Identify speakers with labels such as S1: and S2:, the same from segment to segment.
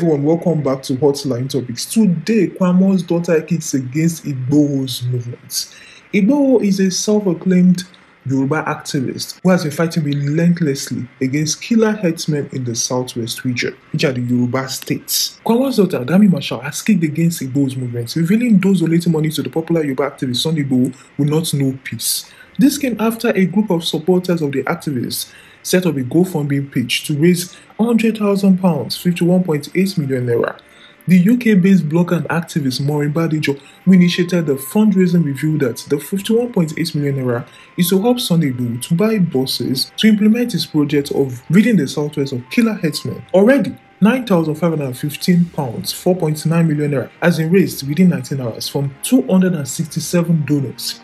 S1: everyone, welcome back to Hotline Topics. Today, Kwamo's daughter kicks against Igbo's movement. Igbo is a self acclaimed Yoruba activist who has been fighting relentlessly against killer headsmen in the southwest region, which are the Yoruba states. Kwamo's daughter, Gami Marshall, has kicked against Igbo's movement, revealing those donating money to the popular Yoruba activist Sunday Igbo will not know peace. This came after a group of supporters of the activists set up a GoFundMe page to raise £100,000, 51.8 million naira. The UK based blogger and activist Maureen Badijo, who initiated the fundraising, revealed that the 51.8 million naira is to help Sunday Igboho to buy buses to implement his project of reading the southwest of killer headsmen. Already, £9,515, 4.9 million naira, has been raised within 19 hours from 267 donors.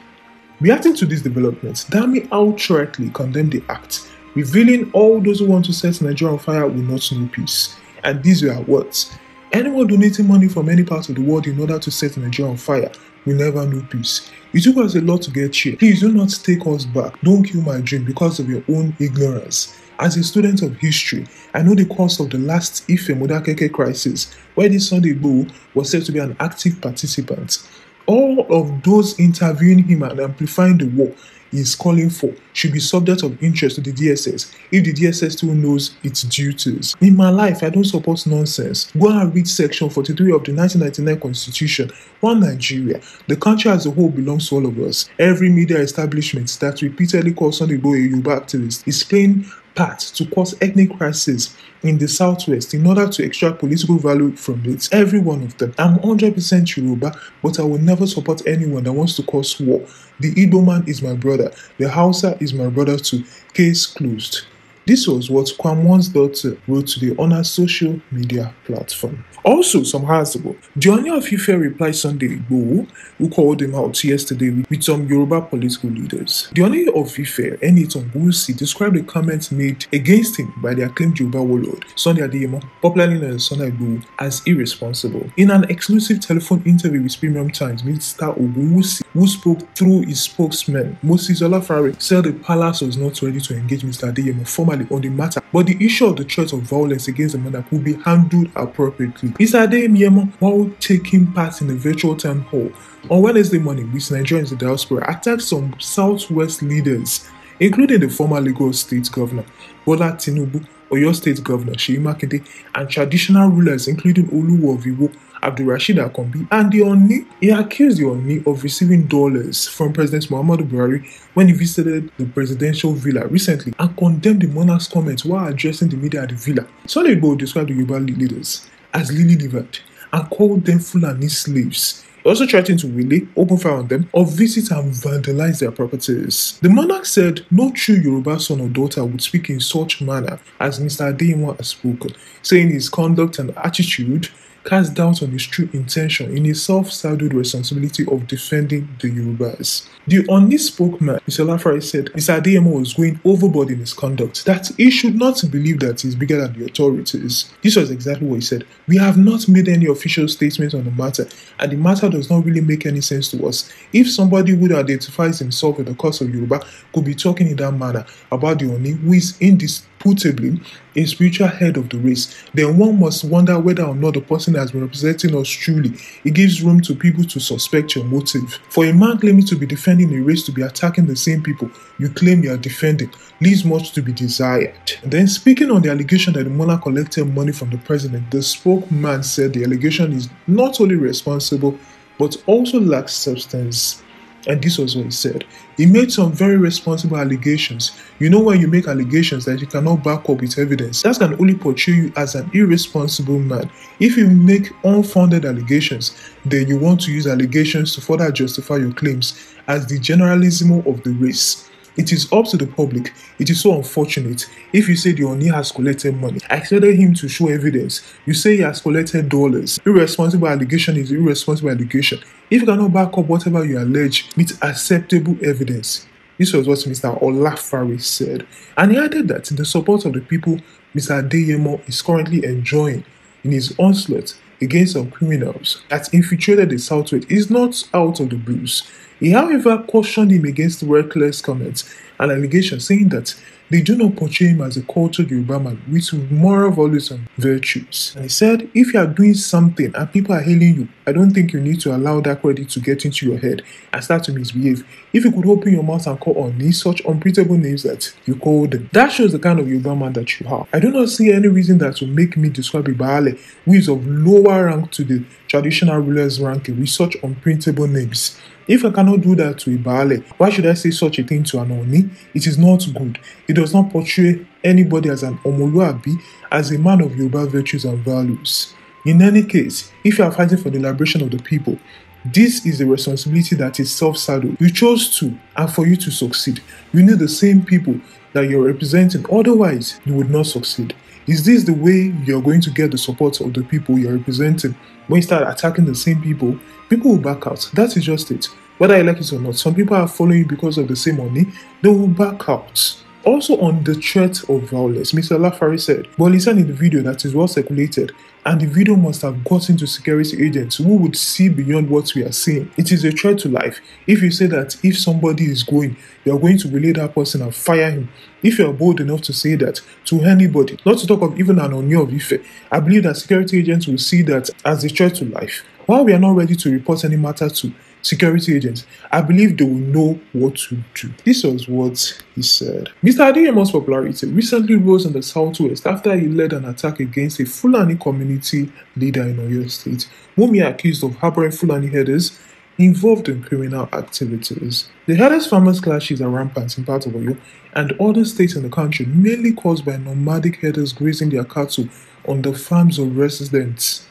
S1: Reacting to these developments, Dami outrightly condemned the act revealing all those who want to set Nigeria on fire will not know peace. And these were words. Anyone donating money from any part of the world in order to set Nigeria on fire will never know peace. It took us a lot to get here. Please do not take us back. Don't kill my dream because of your own ignorance. As a student of history, I know the cause of the last Ife Modakeke crisis, where this Sunday Igbo was said to be an active participant. All of those interviewing him and amplifying the war is calling for should be subject of interest to the DSS if the DSS still knows its duties. In my life, I don't support nonsense. Go and read section 43 of the 1999 Constitution. One Nigeria. The country as a whole belongs to all of us. Every media establishment that repeatedly calls on the boy a Yoruba activist is playing part to cause ethnic crises in the southwest in order to extract political value from it. Every one of them. I'm 100% Yoruba, but I will never support anyone that wants to cause war. The Igbo man is my brother. The Hausa is my brother too. Case closed. This was what Kwamwon's daughter wrote to the honored social media platform. Also, some hours ago, the Onion of Ife replied Sunday Igboho, who called him out yesterday with some Yoruba political leaders. The Onion of Ife, Eniton Gusi, described the comments made against him by the acclaimed Yoruba warlord, Sunday Adeyemo, popularly known as Sunday Igbo as irresponsible. In an exclusive telephone interview with Premium Times, Mr. Ogunwusi, who spoke through his spokesman, Moses Olafare, said the palace was not ready to engage Mr. Adeyemo, former formally on the matter, but the issue of the threat of violence against the monarch will be handled appropriately. Isade Miemo, while taking part in a virtual town hall on Wednesday morning with Nigerians in the diaspora, attacked some Southwest leaders including the former Lagos State Governor Bola Tinubu, Oyo State Governor Sheyi Makinde, and traditional rulers including Oluwo of Iwo, Abdulrasheed Akombi, and the Oni. He accused the Oni of receiving dollars from President Muhammadu Buhari when he visited the presidential villa recently and condemned the monarch's comments while addressing the media at the villa. Sunday described the Yoruba leaders as lily-livered and called them Fulani slaves also threatened to really open fire on them, or visit and vandalize their properties. The monarch said no true Yoruba son or daughter would speak in such manner as Mr. Adeyemo has spoken, saying his conduct and attitude cast doubt on his true intention in his self-saddled responsibility of defending the Yorubas. The only spokesman, Mr. Lafari said, Mr. Adeyemo was going overboard in his conduct, that he should not believe that he's bigger than the authorities. This was exactly what he said. We have not made any official statements on the matter, and the matter does not really make any sense to us. If somebody who identifies himself with the cause of Yoruba could be talking in that manner about the only who is in this putably a spiritual head of the race, then one must wonder whether or not the person has been representing us truly. It gives room to people to suspect your motive. For a man claiming to be defending a race to be attacking the same people you claim you are defending leaves much to be desired. Then, speaking on the allegation that the monarch collected money from the president, the spokesman said the allegation is not only responsible but also lacks substance. And this was what he said. He made some very responsible allegations. You know, when you make allegations that you cannot back up with evidence, that can only portray you as an irresponsible man. If you make unfounded allegations, then you want to use allegations to further justify your claims as the generalismo of the race. It is up to the public. It is so unfortunate. If you say the Oni has collected money, I expected him to show evidence. You say he has collected dollars. Irresponsible allegation is irresponsible allegation. If you cannot back up whatever you allege with acceptable evidence, this was what Mr. Olafari said. And he added that the support of the people Mr. Adeyemo is currently enjoying in his onslaught against some criminals that infiltrated the Southwest is not out of the blues. He, however, cautioned him against reckless comments and allegations, saying that they do not portray him as a cultured Yoruba man with moral values and virtues. And he said, If you are doing something and people are hailing you, I don't think you need to allow that credit to get into your head and start to misbehave. If you could open your mouth and call on these such unprintable names that you call them, that shows the kind of Yoruba man that you are. I do not see any reason that will make me describe Ibale, who is of lower rank to the traditional rulers' rank, with such unprintable names. If I cannot do that to a Baale, why should I say such a thing to an Oni? It is not good. It does not portray anybody as an Omoluabi, as a man of Yoruba virtues and values. In any case, if you are fighting for the liberation of the people, this is a responsibility that is self saddled. You chose to, and for you to succeed, you need the same people that you're representing. Otherwise, you would not succeed. Is this the way you're going to get the support of the people you're representing? When you start attacking the same people, people will back out. That is just it. Whether I like it or not, some people are following you because of the same money, they will back out. Also on the threat of violence, Mr. Lafari said, Bolisa in the video that is well circulated and the video must have gotten to security agents who would see beyond what we are seeing. It is a threat to life. If you say that if somebody is going, you are going to relay that person and fire him. If you are bold enough to say that to anybody, not to talk of even an on of Ife, I believe that security agents will see that as a threat to life. While we are not ready to report any matter to security agents. I believe they will know what to do. This was what he said. Mr. Adeyemo's popularity recently rose in the southwest after he led an attack against a Fulani community leader in Oyo State, whom he accused of harboring Fulani headers involved in criminal activities. The headers farmers clashes are rampant in part of Oyo and other states in the country, mainly caused by nomadic herders grazing their cattle on the farms of residents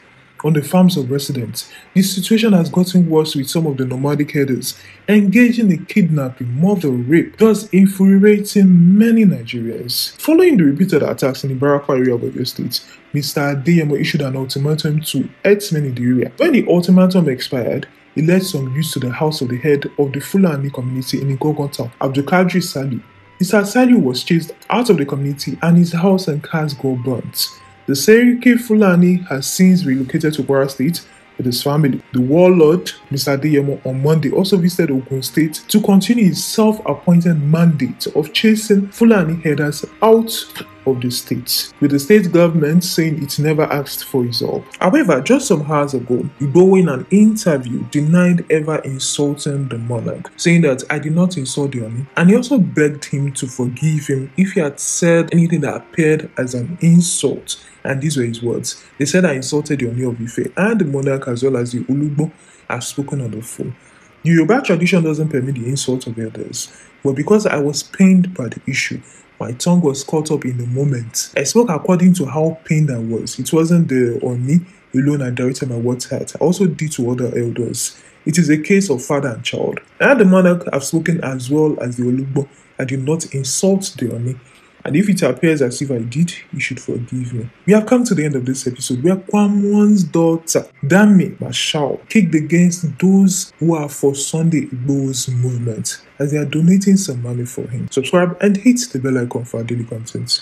S1: on the farms of residents. The situation has gotten worse with some of the nomadic herders engaging in kidnapping, murder, rape, thus infuriating many Nigerians. Following the repeated attacks in the Baraka area of Oyo State, Mr. Adeyemo issued an ultimatum to herdsmen in the area. When the ultimatum expired, he led some youths to the house of the head of the Fulani community in Igogon town, Abdulkadir Sali. Mr. Sali was chased out of the community and his house and cars got burnt. The Seriki Fulani has since relocated to Kwara State with his family. The warlord, Mr. Adeyemo, on Monday also visited Ogun State to continue his self appointed mandate of chasing Fulani headers out of the state, with the state government saying it never asked for his help. However, just some hours ago, Igbo in an interview denied ever insulting the monarch, saying that I did not insult the army, and he also begged him to forgive him if he had said anything that appeared as an insult. And these were his words. They said I insulted the Oni of Ife and the monarch as well as the Ulugbo have spoken on the phone. The Yoruba tradition doesn't permit the insult of elders, but because I was pained by the issue, my tongue was caught up in the moment. I spoke according to how pained I was. It wasn't the Oni alone I directed my words at. I also did to other elders. It is a case of father and child. I had the monarch have spoken as well as the Olubo. I did not insult the Oni. And if it appears as if I did, you should forgive me. We have come to the end of this episode where Kwamon's daughter, Dami Mashao, kicked against those who are for Sunday Igbo's movement as they are donating some money for him. Subscribe and hit the bell icon for daily content.